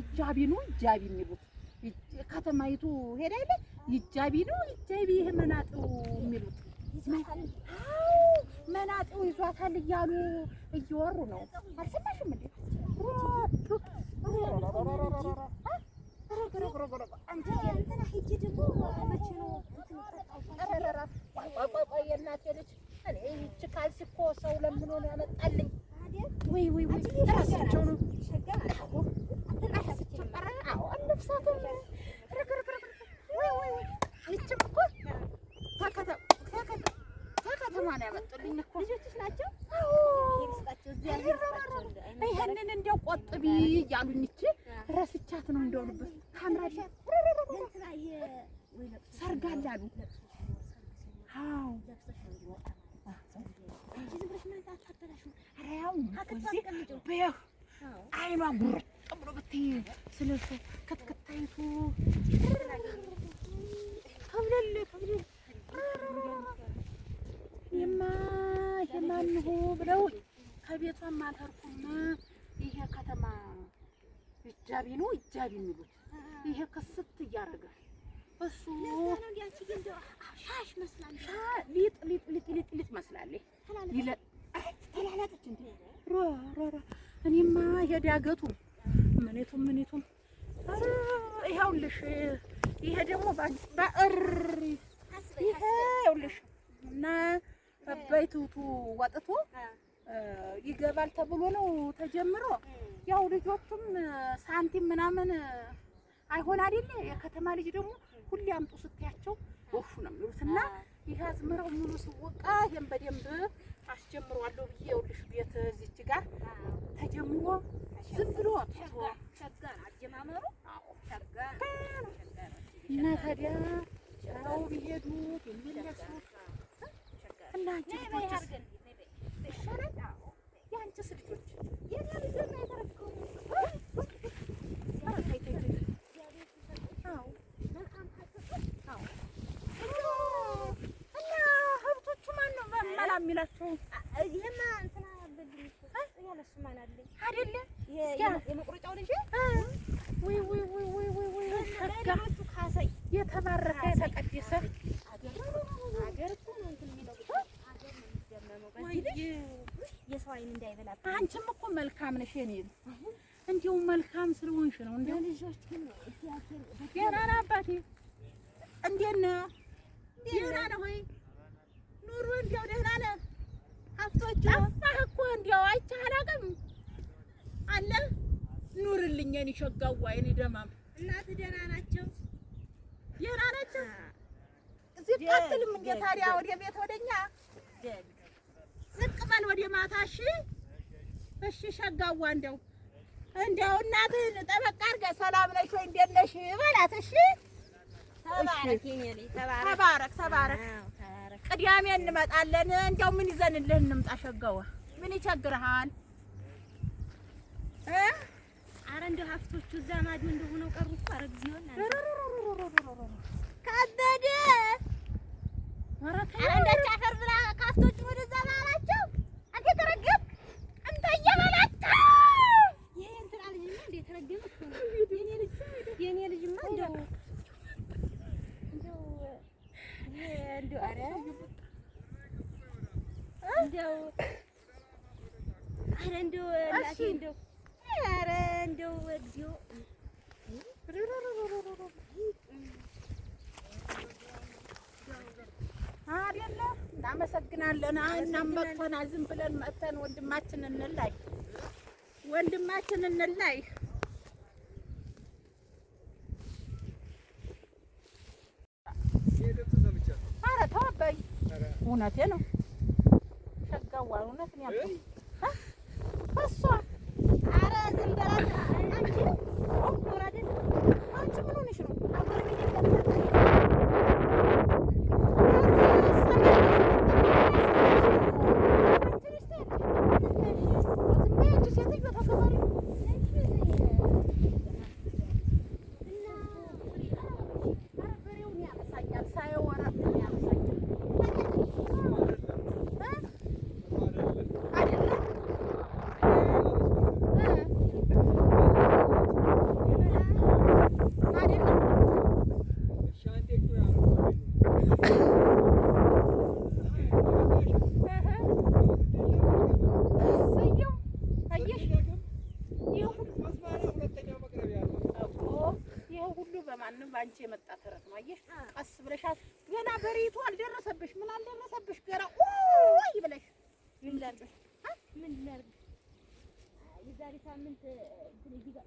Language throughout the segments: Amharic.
እጃቢ ነው እጃቢ የሚሉት ከተማይቱ ሄዳ የለ እጃቢ ነው እጃቢ፣ ይህ መናጤው የሚሉት መናጥው ይዟታል እያሉ እየወሩ ነው። አልሰማሽም እንዴ? ናቸው። ይህንን እንደው ቆጥቢ እያሉኝ እቺ ረስቻት ነው እንደሆኑበት ታምራለች። አሉ። አዎ አይኗ ቡርጥ ብሎ ብትይ ስለ እሱ ከትከታይቱ ከብለል ከብለል የማ ይሄ ማንሁ ብለው ከቤቷም አተርኩም ይሄ ከተማ እጃቢ ነው እጃቢ የሚሉት ይሄ ክስት እያደረገ እሱ ሊጥ ሊጥ ሊጥ ሊጥ መስላለች። ተላለጠች እንደ እኔማ የዳገቱ ምኔቱም ምኔቱም ይኸውልሽ ይሄ ደግሞ ባእሪ አዋጥቶ ይገባል ተብሎ ነው ተጀምሮ። ያው ልጆቹም ሳንቲም ምናምን አይሆን አይደለ? የከተማ ልጅ ደግሞ ሁሌ አምጡ ስትያቸው ወፉ ነው የሚሉትና ይህ አዝመራው ሙሉ ሲወቃ ይሄን በደንብ አስጀምሯለሁ ብዬ ይኸውልሽ ቤት እዚች ጋር ተጀምሮ ዝም ብሎ አጀማመሩ እና ታዲያ ጨራው ቢሄዱ የሚለሱት የመጣው የተባረከ የተቀደሰ የሰው አይን እንዳይበላ። አንቺም እኮ መልካም ነሽ የኔ ልጅ፣ እንዲሁ መልካም ስለሆንሽ ነው። ደህና ነህ አባቴ? እንዴት ነህ? ደህና ነህ ወይ? ኑሮ እንዲያው ደህና ነህ? ሀብቶች ጠፋህ እኮ እንዲያው አይቼህ አላውቅም አለ ኑርልኝ የኔ ሸጋዋ የኔ ደማም እናት ደህና ናቸው? ደህና ናቸው። ሲቀጥልም እንደ ታዲያ ወደ ቤት ወደኛ ዝቅ በል ወደ ማታ። እሺ እሺ ሸጋዋ እንደው እንደው እናትህን ጠበቅ አድርገህ ሰላም ነሽ ወይ እንደት ነሽ በላት። እሺ ተባረክ ተባረክ ቅዳሜ እንመጣለን። እንደው ምን ይዘንልህ እንምጣ? ሸጋዋ ምን ይቸግርሃል? ኧረ እንደው ሀፍቶቹ እዛ ማዶ እንደሆነው ቀሩ እኮ ኧረ እግዚኦን ከበደ ኧረ እንዳች አፈር ብላ ከሀፍቶቹ ወደ እግዚኦ አይደለ? እናመሰግናለን። እናም መጥተን ዝም ብለን መጥተን ወንድማችን እንላይ ወንድማችን እንላይ ኧረ ተው እውነቴ ነው። ሸጋዋ እውነት ነው ያልኩት። እሷ ኧረ ዝም በላት Hadi. Hop, hadi. Hadi, bunu şunu. Hadi, bunu bir dakika. ማንም አንቺ የመጣ ተረት ነው። አየሽ ቀስ ብለሽ ገና በሬቱ አልደረሰብሽ ምን አልደረሰብሽ ገና ወይ ብለሽ ምን ላድርግ ምን ላድርግ። የዛሬ ሳምንት እንግዲህ ጋር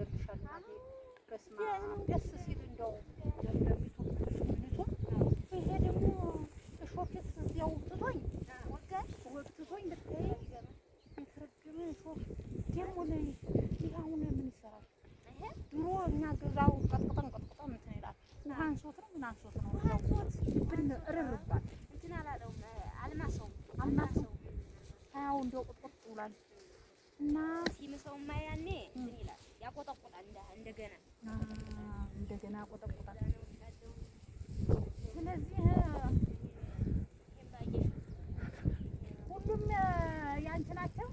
ይዘልሻል ማለት በስመ አብ ደስ ሲል እንደው ለምለሚቱ ምንቱ ይሄ ደግሞ እሾኬት ያው ጥቶኝ ወጋሽ ወቅትቶኝ በቃ ይገርም ይፈርግም እሾክ ደግሞ ለይ እንደገና ቆጠቆጣል። ስለዚህ ሁሉም ያንቺ ናቸው።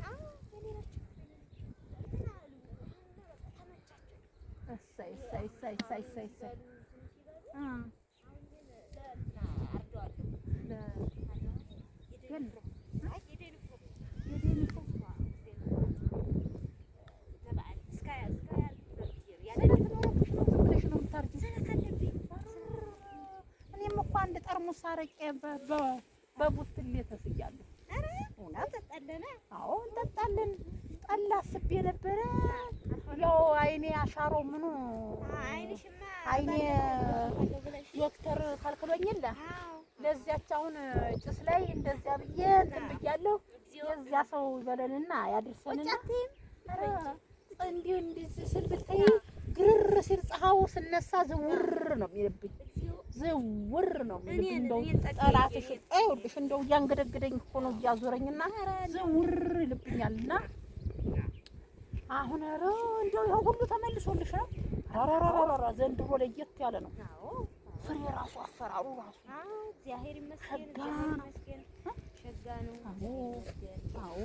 እሰይ ተሳረቄ በቡትሌ ተስያለሁ። አዎ እንጠጣለን። ጠላ አስቤ ነበረ። ያው አይኔ አሻሮ ምኑ አይኔ ዶክተር ከልክሎኝለ ለዚያች አሁን ጭስ ላይ እንደዚያ ብዬ እንትን ብያለሁ። የዚያ ሰው ይበለንና ያድርሰንና እንዲሁ እንዲህ ስል ብታይ ግርር ሲል ፀሐዩ ስነሳ ዝውር ነው የሚልብኝ ዝውር ነው እንደው ጠላትሽ ይኸውልሽ እንደው እያንገደገደኝ ሆኖ እያዞረኝና ዝውር ይልብኛልና አሁን ኧረ እንደው ይኸው ሁሉ ተመልሶልሽ ነው። ራራራራ ዘንድሮ ለየት ያለ ነው። ፍሬ ራሱ አፈራሩ ራሱ እግዚአብሔር ይመስገን ሸጋ ነው። አዎ አዎ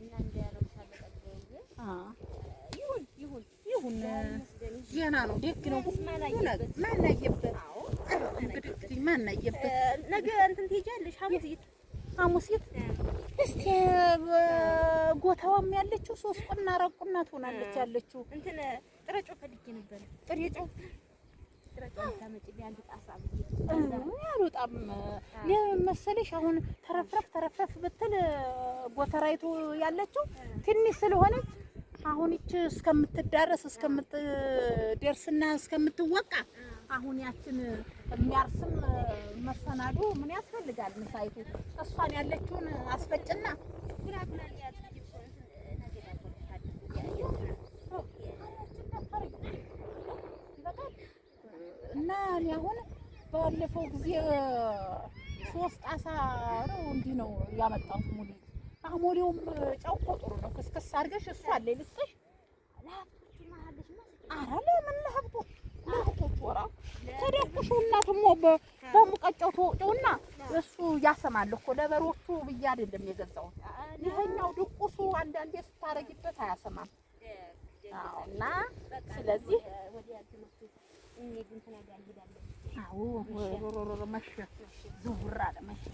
እና እንደ ያለው ሳለቀቅ አሁን ገና ነው። ደግ ነው ነገር ማናየበት እንግዲህ ማናየበት ነገ እንትን ትሄጃለሽ ሐሙሲት ሐሙሲት እስቲ ጎተዋም ያለችው ሶስት ቁና አራት ቁና ትሆናለች ያለችው እንትን ጥረጮ ፈልጌ ነበረ ጥረጮ አልወጣም መሰለሽ። አሁን ተረፍረፍ ተረፍረፍ ብትል ጎተራይቱ ያለችው ትንሽ ስለሆነች አሁን ይች እስከምትዳረስ እስከምትደርስና እስከምትወቃ አሁን ያችን የሚያርስም መሰናዶ ምን ያስፈልጋል? ምሳይቱ እሷን ያለችውን አስፈጭና እና እኔ አሁን ባለፈው ጊዜ ሶስት አሳ ነው እንዲህ ነው ያመጣሁት ሙሉ አሞሌውም ጨው እኮ ጥሩ ነው። ክስክስ አድርገሽ እሱ አለ ልስሽ። ኧረ ለምን ለሀብቶች ለሀብቶች ወራ ተደቅሹ እናትሞ በሙቀጫው ተወጪውና እሱ ያሰማል እኮ ለበሮቹ ብዬ አይደለም የገዛሁት። ይኸኛው ድቁሱ አንዳንዴ ስታረጊበት አያሰማም እና ስለዚህ አዎ መሸ ዝውር አለ መሸ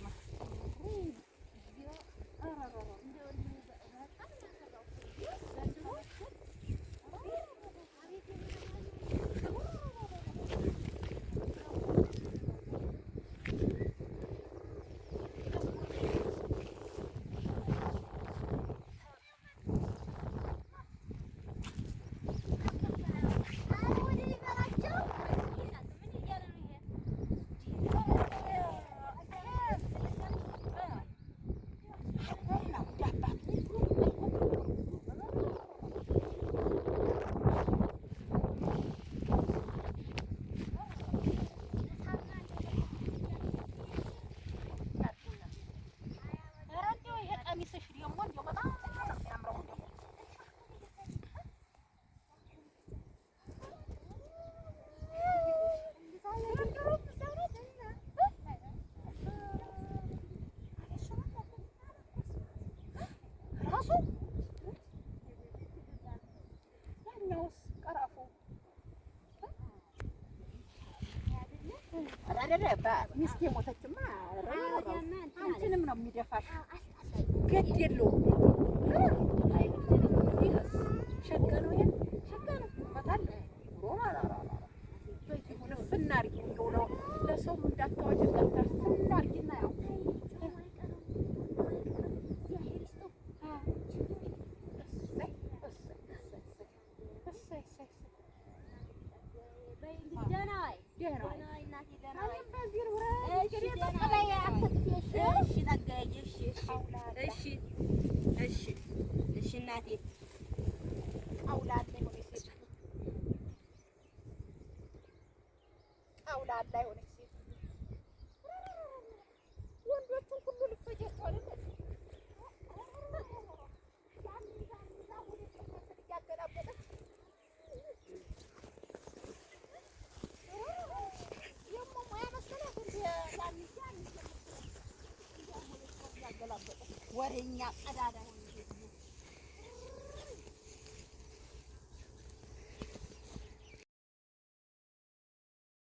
Ah, ah, ah, ah. አይደለ ሚስቴ ሞተችማ፣ አንቺንም ነው የሚደፋሽ። ግድ የለውም ሸጋ ነው። ነው ወሬኛ ቀዳዳ